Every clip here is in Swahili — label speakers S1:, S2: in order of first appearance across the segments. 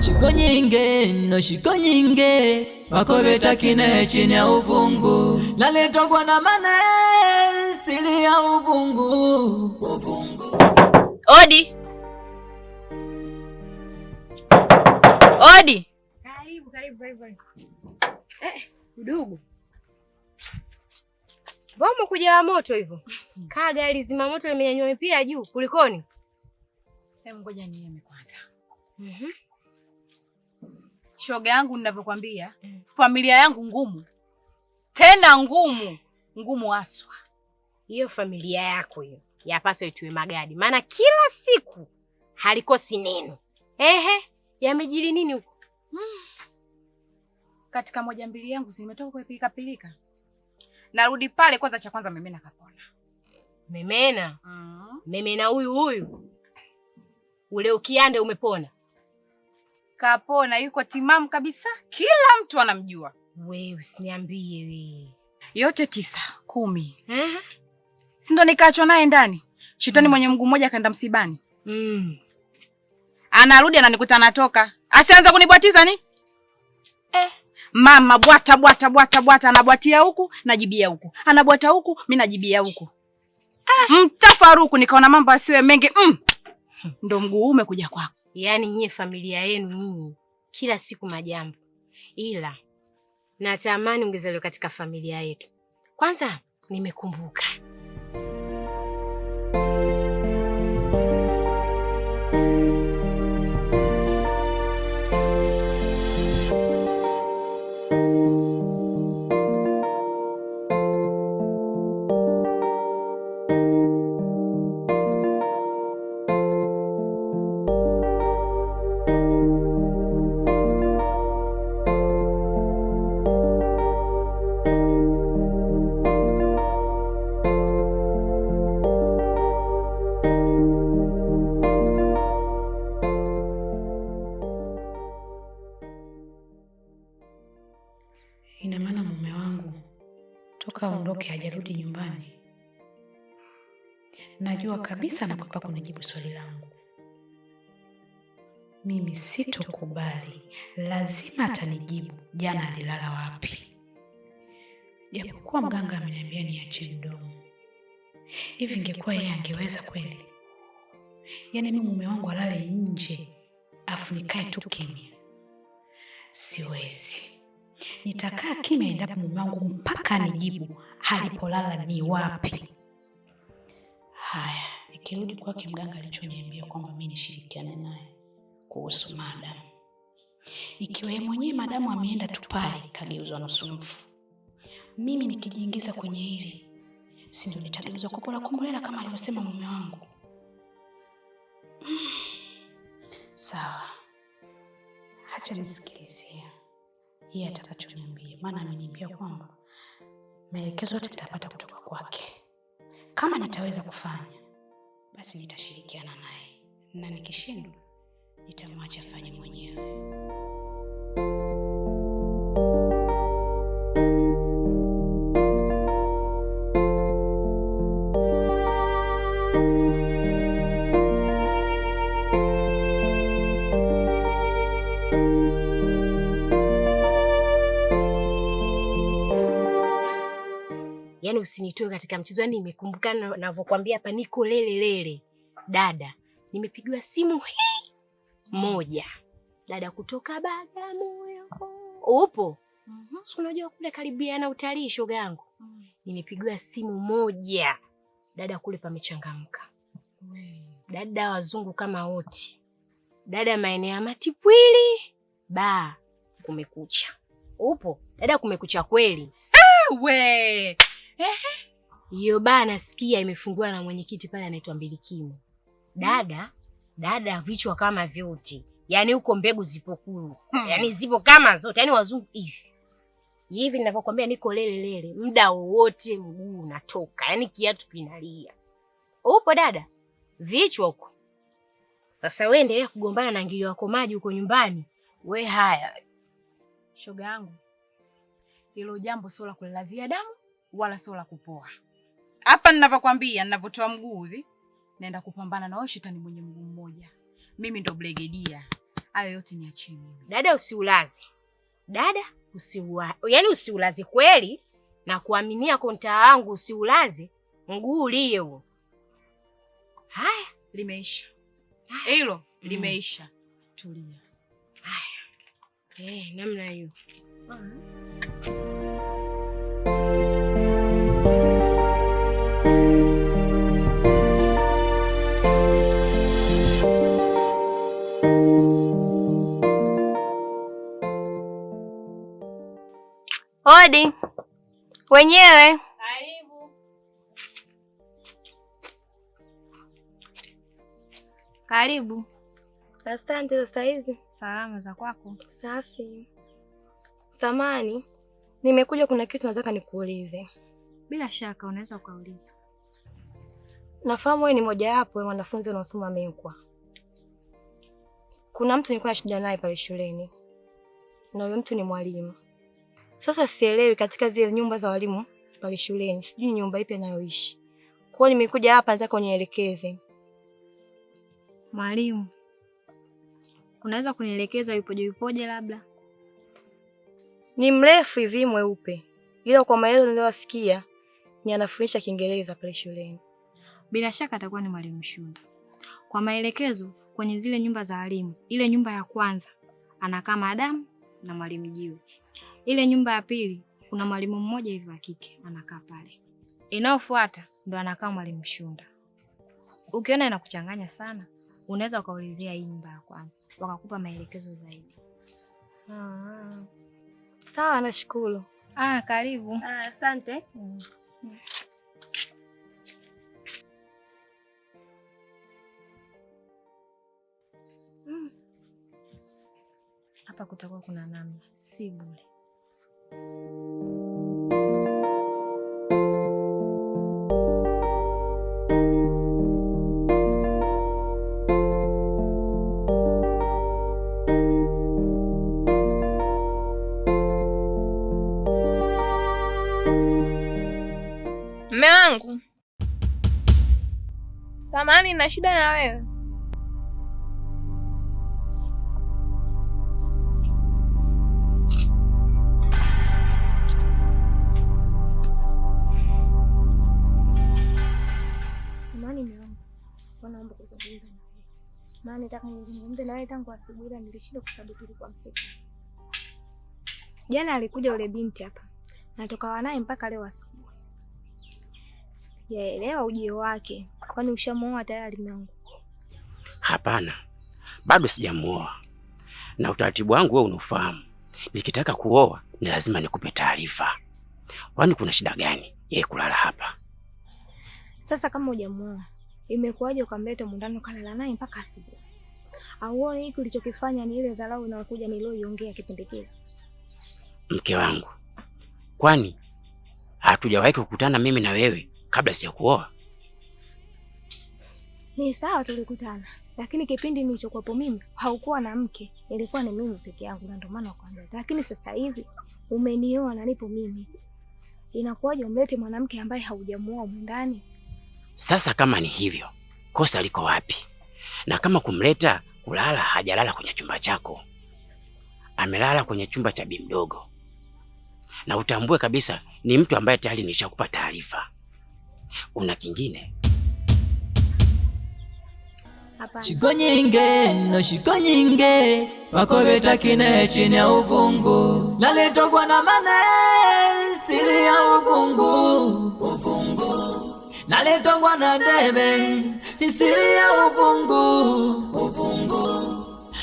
S1: Shiko nyinge no shiko nyinge wakobeta kine chini ya uvungu naletogwa na mane sili ya uvungu
S2: Odi. Odi.
S3: Karibu, karibu, karibu. Eh, udugu. Bomo kuja moto hivyo. Kaa gari zima moto limenyanyua mipira juu kulikoni?
S4: Hebu ngoja nieme kwanza. Mhm. shoga yangu ninavyokwambia, mm, familia yangu ngumu. Tena ngumu, ngumu aswa. Hiyo familia yako hiyo yapaswa itue magadi, maana kila siku halikosi neno. Ehe, yamejili nini huko? Hmm.
S3: Katika moja mbili yangu zimetoka kwa pilika pilika. Narudi pale kwanza, cha kwanza memena kapona.
S4: Memena. Mm. Memena huyu huyu. Ule ukiande umepona.
S3: Kapona, yuko timamu kabisa. Kila mtu anamjua.
S4: Wewe usiniambie wewe.
S3: Yote tisa, kumi si ndo nikaachwa naye ndani shetani mm. mwenye mguu mmoja kaenda msibani mm. anarudi ananikuta natoka, asianza kunibwatiza ni eh. Mama bwata bwata bwata bwata, anabwatia huku najibia huku, anabwata huku mimi najibia huku ah. Mtafaruku nikaona mambo asiwe mengi mm. Ndo mguu umekuja kwako.
S4: Yaani nyie familia yenu nyinyi kila siku majambo, ila natamani ungezaliwa katika familia yetu. Kwanza nimekumbuka
S5: yake hajarudi nyumbani. Najua kabisa anakwepa kunijibu swali langu. Mimi sitokubali, lazima atanijibu jana alilala wapi, japokuwa mganga ameniambia achi mdomo. Hivi ingekuwa yeye angeweza kweli? Yaani mimi mume wangu alale nje afu nikae tu kimya? Siwezi nitakaa kimya endapo mume wangu mpaka nijibu alipolala ni wapi. Haya, nikirudi kwake mganga alichoniambia kwamba mi nishirikiane naye kuhusu madamu, ikiwa yeye mwenyewe madamu ameenda tu pale kageuzwa nusu mfu, mimi nikijiingiza kwenye hili, sindo nitageuzwa kupola kumbolela kama alivyosema mume wangu? Hmm, sawa, hacha nisikilizia yeye atakachoniambia, maana ameniambia kwamba maelekezo yote nitapata kutoka kwake. Kama nitaweza kufanya, basi nitashirikiana naye, na nikishindwa nitamwacha afanye mwenyewe.
S4: yani usinitoe katika mchezo. Yani nimekumbukana navyokwambia hapa, niko lele lele dada. Nimepigiwa simu hii moja dada kutoka Bagamoyo, upo mm -hmm. si unajua kule karibia na utalii, shoga yangu mm. -hmm. Nimepigiwa simu moja dada, kule pamechangamka mm. -hmm. Dada wazungu kama wote, dada maeneo ya Matipwili ba kumekucha, upo dada, kumekucha kweli. Ah, we hiyo baa nasikia imefungua na mwenyekiti pale anaitwa Mbilikimu. Dada dada, vichwa kama vyote, yaani huko mbegu zipo kulu, hmm. yaani zipo kama zote, yaani wazungu hivi hivi ninavyokuambia, niko lele lele. muda wowote mguu unatoka, yaani kiatu kinalia. Upo dada, vichwa huko. Sasa wewe endelea kugombana na ngili wako maji huko nyumbani, we haya. Shoga yangu, hilo jambo sio la kulazia damu wala sio la kupoa. Hapa ninavyokwambia, ninavyotoa mguu hivi, naenda kupambana na wewe shetani mwenye mguu mmoja. Mimi ndo blegedia Hayo yote ni achie mimi. Dada usiulaze. Dada usiua. Yaani usiulaze kweli na kuaminia konta wangu usiulaze mguu ulie huo. Haya, limeisha. Hilo mm. limeisha. Mm. Tulia. Haya. Eh, namna hiyo. Mm
S2: odi wenyewe.
S3: Karibu. Karibu. Asante. Sasa hizi
S2: salama za kwako?
S3: Safi. Samani, nimekuja kuna kitu nataka nikuulize.
S2: Bila shaka unaweza ukauliza.
S3: Nafahamu wewe ni mojawapo ya wanafunzi wanaosoma mekwa Kuna mtu nilikuwa na shida naye pale shuleni, na huyo mtu ni mwalimu. Sasa sielewi, katika zile nyumba za walimu pale shuleni, sijui nyumba ipi anayoishi. Kwa hiyo nimekuja hapa, nataka unielekeze
S2: mwalimu. Unaweza kunielekeza yupoje? Yupoje? Labda
S3: ni mrefu hivi mweupe, ila kwa maelezo niliyosikia ni anafundisha Kiingereza pale shuleni.
S2: Bila shaka atakuwa ni mwalimu Shunda. Kwa maelekezo kwenye zile nyumba za walimu, ile nyumba ya kwanza anakaa madamu na mwalimu Jiwe, ile nyumba ya pili kuna mwalimu mmoja hivi wa kike anakaa pale, inayofuata ndo anakaa mwalimu Shunda. Ukiona inakuchanganya sana, unaweza ukaulizia hii nyumba ya kwanza, wakakupa maelekezo zaidi. Ah, ah. Sawa, nashukuru. Ah, karibu.
S3: Ah, asante. Ah, mm. Hapa kutakuwa kuna namna, si bure.
S2: nina shida na wewe. Maana nataka nizungumze na wewe tangu asubuhi, ila nilishinda kwa sababu tulikuwa msiku. Jana alikuja ule binti hapa, natoka wanaye mpaka leo asubuhi, sijaelewa ujio wake. Kwani ushamuoa tayari mwangu?
S6: Hapana, bado sijamuoa, na utaratibu wangu wewe unaofahamu, nikitaka kuoa ni lazima nikupe taarifa. Kwani kuna shida gani yeye kulala hapa?
S2: Sasa kama hujamuoa, imekuwaje ukamleta mundano kalala naye mpaka asubuhi? Auone hiki ulichokifanya ni ile dharau inayokuja niliyoiongea kipindi kile.
S6: Mke wangu, kwani hatujawahi kukutana mimi na wewe kabla sijakuoa?
S2: Ni sawa tulikutana, lakini kipindi nilichokuwepo mimi haukuwa na mke, ilikuwa ni mimi peke yangu, na ndio maana ukaanza. Lakini sasa hivi umenioa na nipo mimi, inakuwaje umlete mwanamke ambaye haujamuoa mwandani?
S6: Sasa kama ni hivyo, kosa liko wapi? Na kama kumleta kulala, hajalala kwenye chumba chako, amelala kwenye chumba cha bibi mdogo, na utambue kabisa ni mtu ambaye tayari nishakupa taarifa. Una kingine
S1: Shiko nyinge no shiko nyinge wakobeta kine chini ya uvungu lalitogwa na mane siri ya uvungu uvungu lalitogwa na debe siri ya uvungu uvungu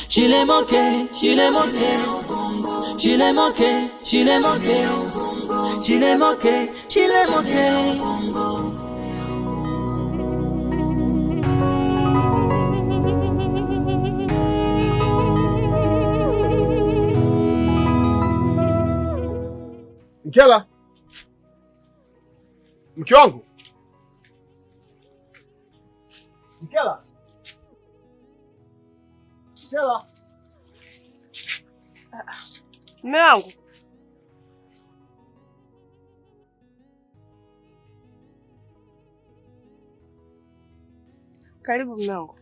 S1: shilemoke shilemoke uvungu shilemoke shilemoke uvungu shilemoke shilemoke uvungu
S7: Mkela, mke wangu Mkela, Mkela,
S2: mme wangu karibu mme wangu.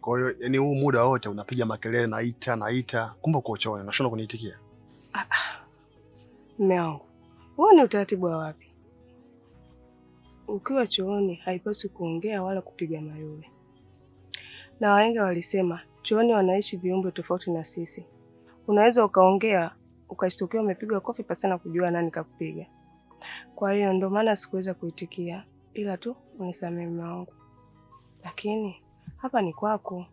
S7: Kwa hiyo yani, huu muda wote unapiga makelele, naita naita, kumbe uko chooni, kuniitikia. Ah, ah.
S2: Mme wangu huo ni utaratibu wa wapi? Ukiwa chooni haipaswi kuongea wala kupiga mayowe, na wahenga walisema chooni wanaishi viumbe tofauti na sisi. Unaweza ukaongea ukashtukiwa umepigwa kofi pasina kujua nani kakupiga. Kwa hiyo ndio maana sikuweza kuitikia, ila tu unisamehe mme wangu, lakini hapa ni kwako.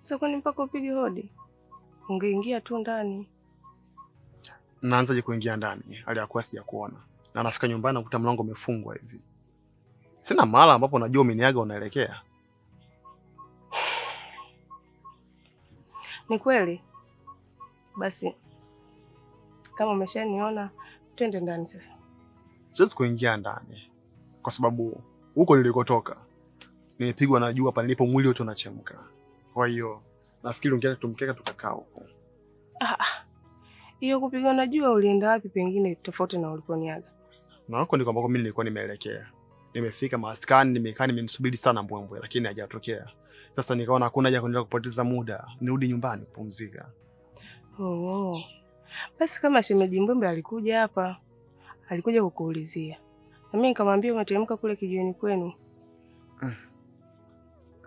S2: Sasa kwani mpaka upige hodi? Ungeingia tu ndani
S7: naanzaje kuingia ndani hali ya kuwa sijakuona, na nafika nyumbani nakuta mlango umefungwa hivi. Sina mahala ambapo najua umeniaga unaelekea.
S2: Ni kweli? Basi kama umeshaniona twende ndani sasa.
S7: Siwezi kuingia ndani kwa sababu huko nilikotoka nimepigwa na jua, hapa nilipo mwili wote unachemka. Kwa hiyo nafikiri ungeacha tumkeka tukakaa huko. Ah.
S2: ah. Hiyo kupigwa na jua ulienda wapi pengine tofauti na uliponiaga?
S7: Na wako ni kwamba mimi nilikuwa nimeelekea. Nimefika maskani, nimekaa nimemsubiri sana Mbwembwe lakini hajatokea. Sasa nikaona hakuna haja kuendelea kupoteza muda, nirudi nyumbani kupumzika.
S2: Oh, oh. Basi kama shemeji Mbwembwe alikuja hapa, alikuja kukuulizia. Na mimi nikamwambia umeteremka kule kijiweni kwenu. Mm.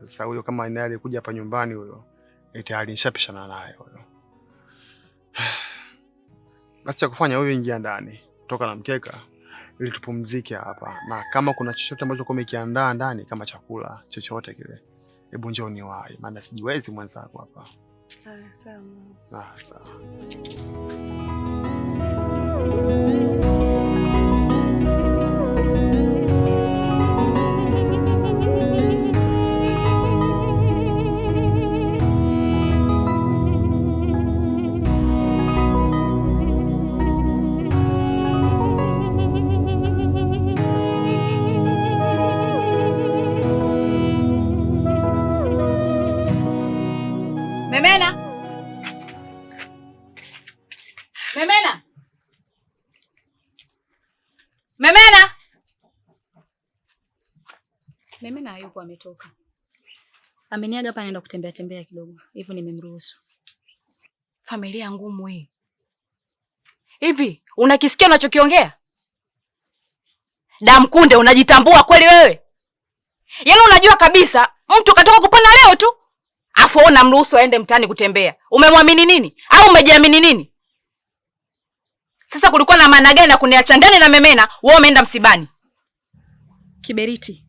S7: Sasa huyo kama naye alikuja hapa nyumbani huyo, eti alishapishana naye huyo. Basi cha kufanya wewe ingia ndani, toka na mkeka ili tupumzike hapa, na kama kuna chochote ambacho umekiandaa ndani kama chakula chochote kile, hebu njoo niwahi, maana sijiwezi mwenzako hapa. Ah, sawa.
S2: yuko ametoka. Ameniaga hapa naenda kutembea tembea kidogo. Hivyo nimemruhusu. Familia ngumu hii. Hivi unakisikia unachokiongea? Damkunde, unajitambua kweli wewe? Yaani unajua kabisa mtu katoka kupona leo tu, afu ona mruhusu aende mtaani kutembea. Umemwamini nini au umejiamini nini? Sasa kulikuwa na maana gani na kuniachanganya na memena? Wewe umeenda msibani. Kiberiti,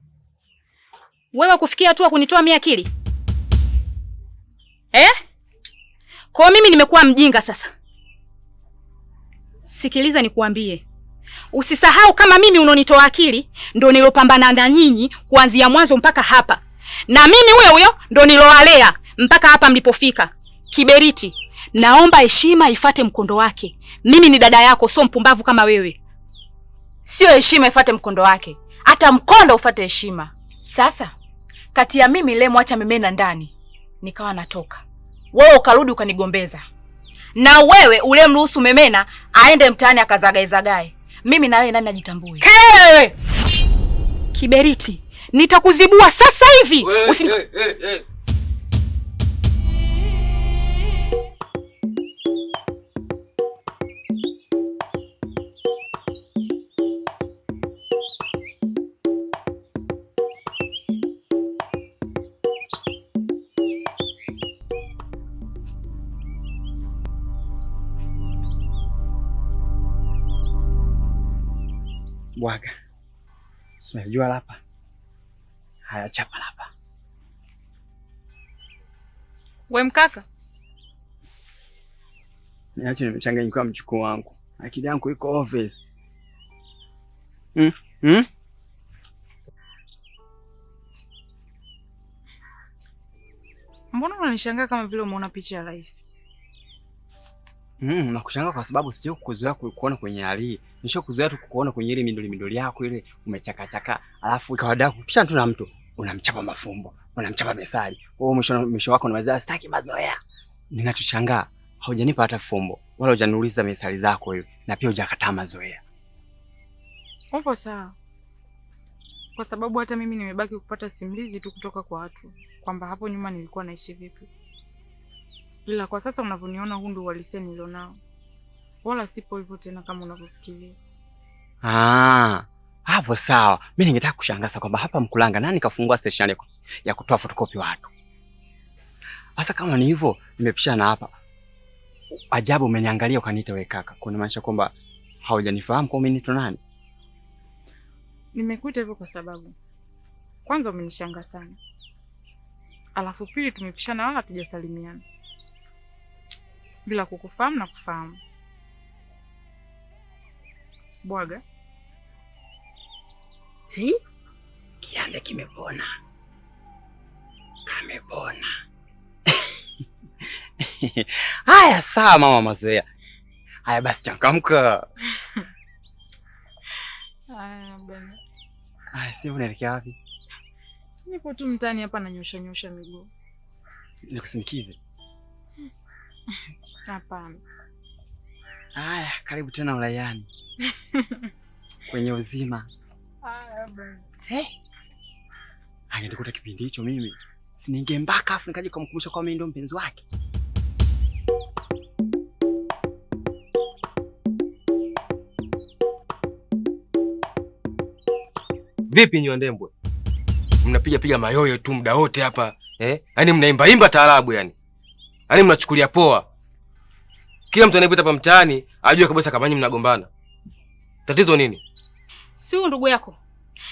S2: wewe kufikia hatua kunitoa mia akili eh? Kwa mimi nimekuwa mjinga sasa. Sikiliza nikuambie, usisahau kama mimi unonitoa akili ndo nilopambana na nyinyi kuanzia mwanzo mpaka hapa, na mimi huyo huyo ndo nilowalea mpaka hapa mlipofika. Kiberiti, naomba heshima ifate mkondo wake. Mimi ni dada yako, sio mpumbavu kama wewe. Sio heshima ifate mkondo wake, hata mkondo ufate heshima. Sasa kati ya mimi mwacha Memena ndani nikawa natoka, wewe ukarudi ukanigombeza, na wewe ulemruhusu Memena aende mtaani akazagae zagae Mimi na wewe nani najitambui? Kelele kiberiti, nitakuzibua sasa hivi. Usim... hey, hey, hey.
S8: kuwaga. Unajua lapa haya chapa lapa. We mkaka, niache nimechanganyikiwa mchukuu wangu, akili yangu iko obvious. Mm? Mm?
S2: Mbona unanishangaa kama vile umeona picha ya rais?
S8: Mm, nakushanga kwa sababu sio kuzoea kuona kwenye hali. Nisho kuzoea tu kuona kwenye ile midoli midoli yako ile umechakachaka. Alafu ikawadaa kupisha tu na mtu. Unamchapa mafumbo, unamchapa mesali. Wewe mwisho mwisho wako unaweza sitaki mazoea. Ninachoshangaa, haujanipa hata fumbo. Wala hujaniuliza mesali zako hiyo na pia hujakataa mazoea.
S2: Hapo sawa. Kwa sababu hata mimi nimebaki kupata simulizi tu kutoka kwa watu kwamba hapo nyuma nilikuwa naishi vipi ila kwa sasa unavyoniona, huu ndio uhalisia nilionao, wala sipo hivyo tena kama unavyofikiria.
S8: Ah, hapo sawa. Mimi ningetaka kushangaza kwamba hapa Mkulanga nani kafungua station ya kutoa fotokopi watu. Sasa kama ni hivyo, nimepishana hapa. Ajabu, umeniangalia ukaniita wewe kaka, kuna maanisha kwamba haujanifahamu kwa mimi nito nani?
S2: Nimekuita hivyo kwa sababu kwanza umenishanga sana, alafu pili tumepishana wala hatujasalimiana bila kukufahamu na kufahamu. Bwaga
S8: hi kiande kimepona, kamepona. Haya, sawa mama Mazoea. Haya basi, changamka. Haya si unaelekea wapi?
S2: Niko tu mtaani hapa, nanyosha nyosha miguu.
S8: Nikusindikize? Hapana. Haya, karibu tena ulayani kwenye uzima. Hey. kipindi hicho mimi siningembaka, afu nikaje kumkumbusha kwa mimi ndo mpenzi wake.
S9: Vipi nywa ndembwe, mnapiga piga mayoyo tu muda wote hapa eh? Yaani mnaimba imba taarabu yani, yaani mnachukulia poa kila mtu anayepita hapa mtaani ajue kabisa kama nyinyi mnagombana. Tatizo nini?
S10: Si ndugu yako?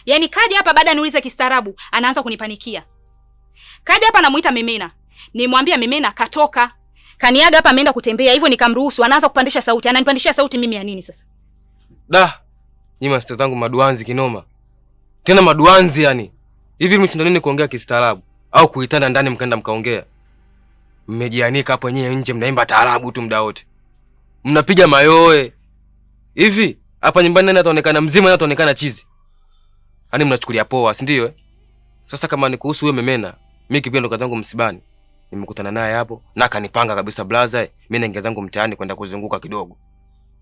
S10: Yaani kaja hapa baada niulize kistaarabu, anaanza kunipanikia. Kaja hapa namuita Memena. Nimwambia Memena katoka. Kaniaga hapa ameenda kutembea, hivyo nikamruhusu, anaanza kupandisha sauti. Ananipandisha sauti mimi ya nini sasa?
S9: Da. Nyinyi masista zangu maduanzi kinoma. Tena maduanzi yani. Hivi mshindo nini kuongea kistaarabu au kuitana ndani mkaenda mkaongea? Mmejianika hapo nyewe nje mnaimba taarabu tu muda wote mnapiga mayoe hivi hapa nyumbani. Nani ataonekana mzima, nani ataonekana chizi? Yaani mnachukulia poa, si ndio? Eh, Sasa kama ni kuhusu huyo memena, mimi kipia ndo kazangu msibani, nimekutana naye hapo na akanipanga kabisa blaza. Eh. Mimi naingia zangu mtaani kwenda kuzunguka kidogo,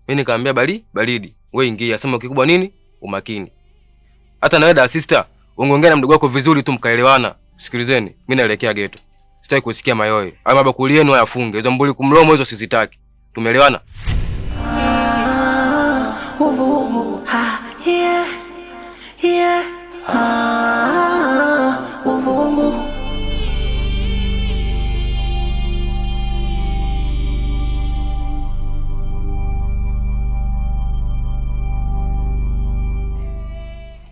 S9: mimi nikamwambia bali baridi, wewe ingia. Sema kikubwa nini? Umakini. Hata na wewe da sister, ungeongea na mdogo wako vizuri tu mkaelewana. Sikilizeni, mimi naelekea geto, sitaki kusikia mayoyo. Haya mabakulieni wayafunge, hizo mbuli kumlomo hizo sizitaki. Tumeelewana?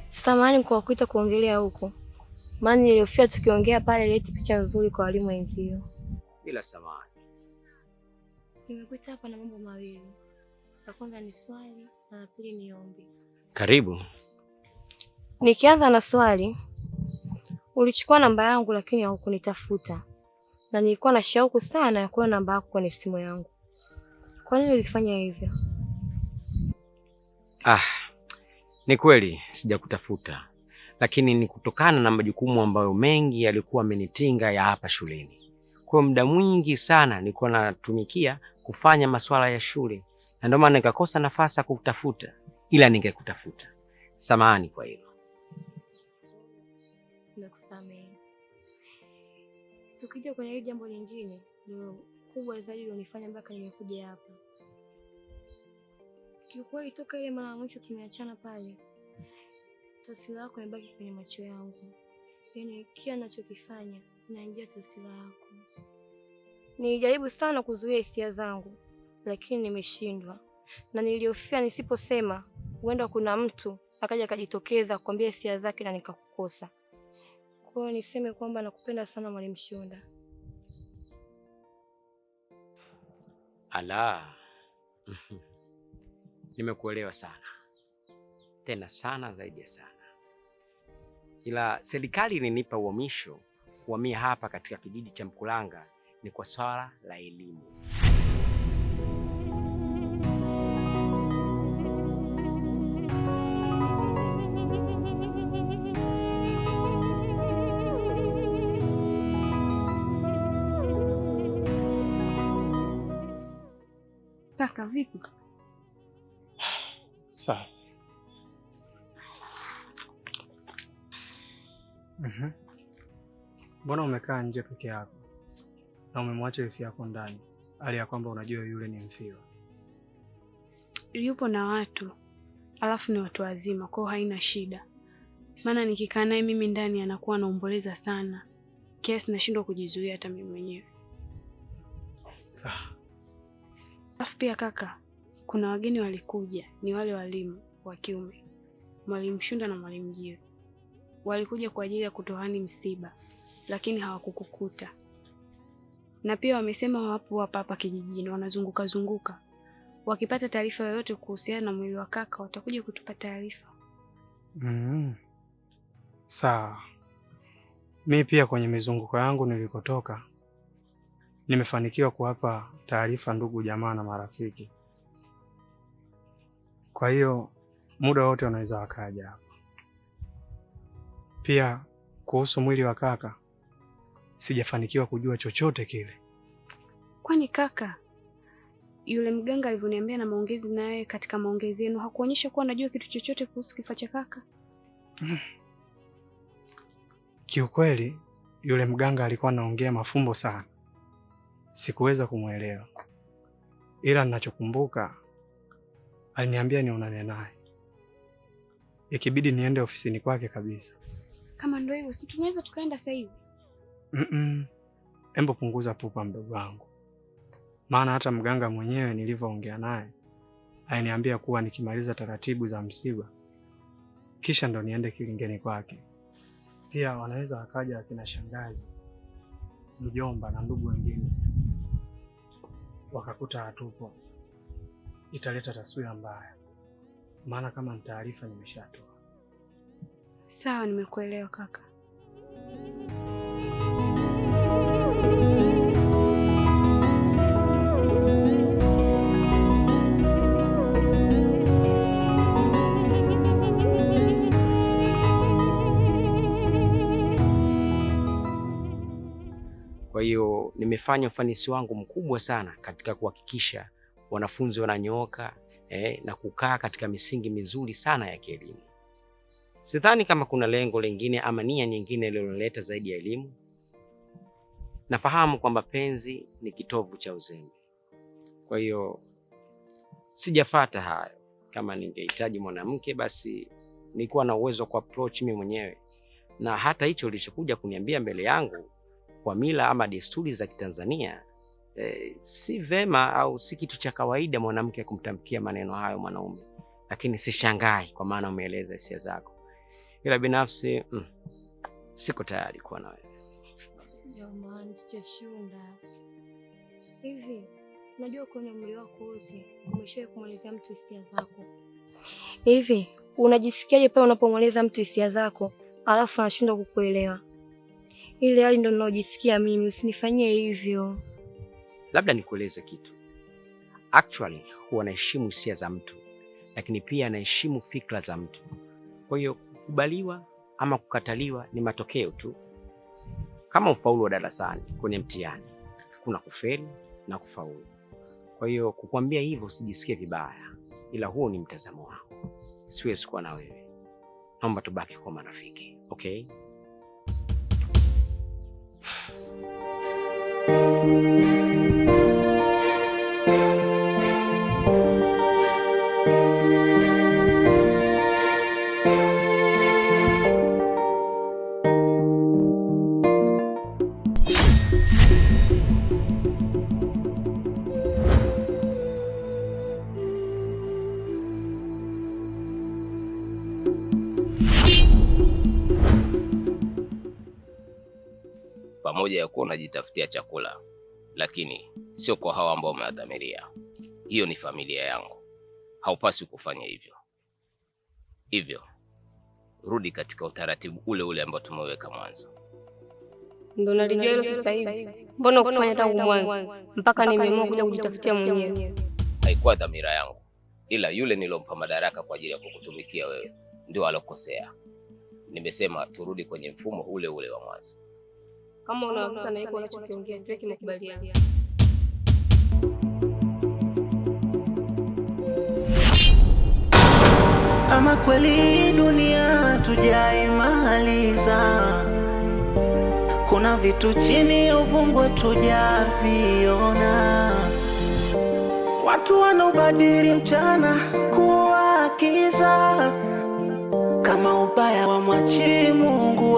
S2: Samahani kwa kuita kuongelea huko, maana nilihofia tukiongea pale leti picha nzuri kwa walimu wenzio.
S8: Bila samahani.
S2: Nimekuita hapa na mambo mawili, la kwanza ni swali na la pili ni ombi. Karibu. Nikianza na swali, ulichukua namba yangu lakini haukunitafuta, na nilikuwa na shauku sana ya kuona namba yako kwenye simu yangu. Kwa nini ulifanya hivyo?
S8: Ah, ni kweli sijakutafuta, lakini ni kutokana na majukumu ambayo mengi yalikuwa amenitinga ya hapa shuleni. Kwa muda mwingi sana nilikuwa natumikia kufanya masuala ya shule, na ndio maana nikakosa nafasi ya kukutafuta, ila ningekutafuta. Samahani kwa hilo.
S2: Tukija kwenye hili jambo lingine kubwa zaidi ulionifanya mpaka nimekuja hapa, kiukweli, toka ile mara ya mwisho tumeachana pale, taswira yako imebaki kwenye macho yangu, yaani kila nachokifanya naingia taswira yako Nilijaribu sana kuzuia hisia zangu, lakini nimeshindwa, na nilihofia nisiposema, huenda kuna mtu akaja akajitokeza kukwambia hisia zake na nikakukosa. Kwa hiyo niseme kwamba nakupenda sana Mwalimu Shionda.
S8: Ala, nimekuelewa sana tena sana zaidi ya sana, ila serikali ilinipa uhamisho kuhamia hapa katika kijiji cha Mkulanga ni kwa swala la elimu.
S2: Kaka vipi?
S7: Safi. Mhm. Mbona umekaa nje peke yako? na umemwacha wifi yako ndani, hali ya kwamba unajua yule ni mfiwa.
S2: Yupo na watu, alafu ni watu wazima, kwao haina shida, maana nikikaa naye mimi ndani anakuwa anaomboleza sana kiasi nashindwa kujizuia hata mimi mwenyewe. Sawa. Alafu pia kaka, kuna wageni walikuja, ni wale walimu wa kiume, mwalimu Shunda na mwalimu Jiwe, walikuja kwa ajili ya kutohani msiba, lakini hawakukukuta na pia wamesema wapo hapa hapa kijijini, wanazunguka zunguka. Wakipata taarifa yoyote kuhusiana na mwili wa kaka watakuja kutupa taarifa. Mm.
S7: Sawa. Mi pia kwenye mizunguko yangu nilikotoka nimefanikiwa kuwapa taarifa ndugu, jamaa na marafiki. Kwa hiyo muda wote wanaweza wakaja hapa. Pia kuhusu mwili wa kaka sijafanikiwa kujua chochote kile.
S2: Kwani kaka, yule mganga alivyoniambia na maongezi naye, katika maongezi yenu hakuonyesha kuwa anajua kitu chochote kuhusu kifo cha kaka? Hmm.
S7: Kiukweli yule mganga alikuwa anaongea mafumbo sana, sikuweza kumwelewa, ila ninachokumbuka aliniambia nionane naye, ikibidi niende ofisini kwake kabisa.
S2: Kama ndio hivyo, si tunaweza tukaenda sasa hivi?
S7: mm -mm. Embo punguza pupa, mdogo wangu, maana hata mganga mwenyewe nilivyoongea naye aliniambia kuwa nikimaliza taratibu za msiba kisha ndo niende kilingeni kwake. Pia wanaweza wakaja akina shangazi, mjomba na ndugu wengine, wakakuta hatupo, italeta taswira mbaya, maana kama ni taarifa nimeshatoa.
S2: Sawa, nimekuelewa kaka.
S8: Kwa hiyo nimefanya ufanisi wangu mkubwa sana katika kuhakikisha wanafunzi wananyooka eh, na kukaa katika misingi mizuri sana ya kielimu. Sidhani kama kuna lengo lingine ama nia nyingine lililoleta zaidi ya elimu. Nafahamu kwamba penzi ni kitovu cha uzembe, kwa hiyo sijafata hayo. Kama ningehitaji mwanamke, basi nilikuwa na uwezo wa kuapproach mimi mwenyewe, na hata hicho lilichokuja kuniambia mbele yangu kwa mila ama desturi za Kitanzania e, si vema au si kitu cha kawaida mwanamke kumtamkia maneno hayo mwanaume, lakini sishangai kwa maana umeeleza hisia zako, ila binafsi mm, siko tayari kuwa na wewe.
S2: Hivi kwenye umri wako wote umeshawahi kumwelezea mtu hisia zako? Hivi unajisikiaje pale unapomweleza mtu hisia zako alafu anashindwa kukuelewa? ile hali ndo ninaojisikia mimi, usinifanyie hivyo.
S8: Labda nikueleze kitu. Actually, huwa naheshimu hisia za mtu, lakini pia naheshimu fikra za mtu. Kwa hiyo kukubaliwa ama kukataliwa ni matokeo tu, kama ufaulu wa darasani kwenye mtihani, kuna kufeli na kufaulu. Kwa hiyo kukwambia hivyo usijisikie vibaya, ila huo ni mtazamo wako, siwezi kuwa na wewe. Naomba tubaki kwa marafiki, okay? Música
S6: kujitafutia chakula, lakini sio kwa hawa ambao umewadhamiria. Hiyo ni familia yangu, haupaswi kufanya hivyo. Hivyo rudi katika utaratibu ule ule ambao tumeweka mwanzo.
S2: Ndo nalijua hilo sasa hivi. Mbona ukufanya tangu mwanzo mpaka nimeamua kuja kujitafutia mwenyewe?
S6: Haikuwa dhamira yangu, ila yule nilompa madaraka kwa ajili ya kukutumikia wewe ndio alokosea. Nimesema turudi kwenye mfumo ule ule wa mwanzo.
S2: Kama unaweza na hiko unachokiongea, tuweke makubaliano.
S1: Ama kweli dunia tujaimaliza, kuna vitu chini ya ufungwa tujaviona. Watu wanaobadili mchana kuwa kiza, kama ubaya wa mwachimu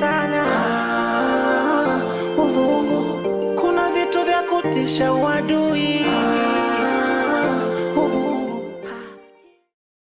S1: sana uh, kuna vitu vya kutisha uadui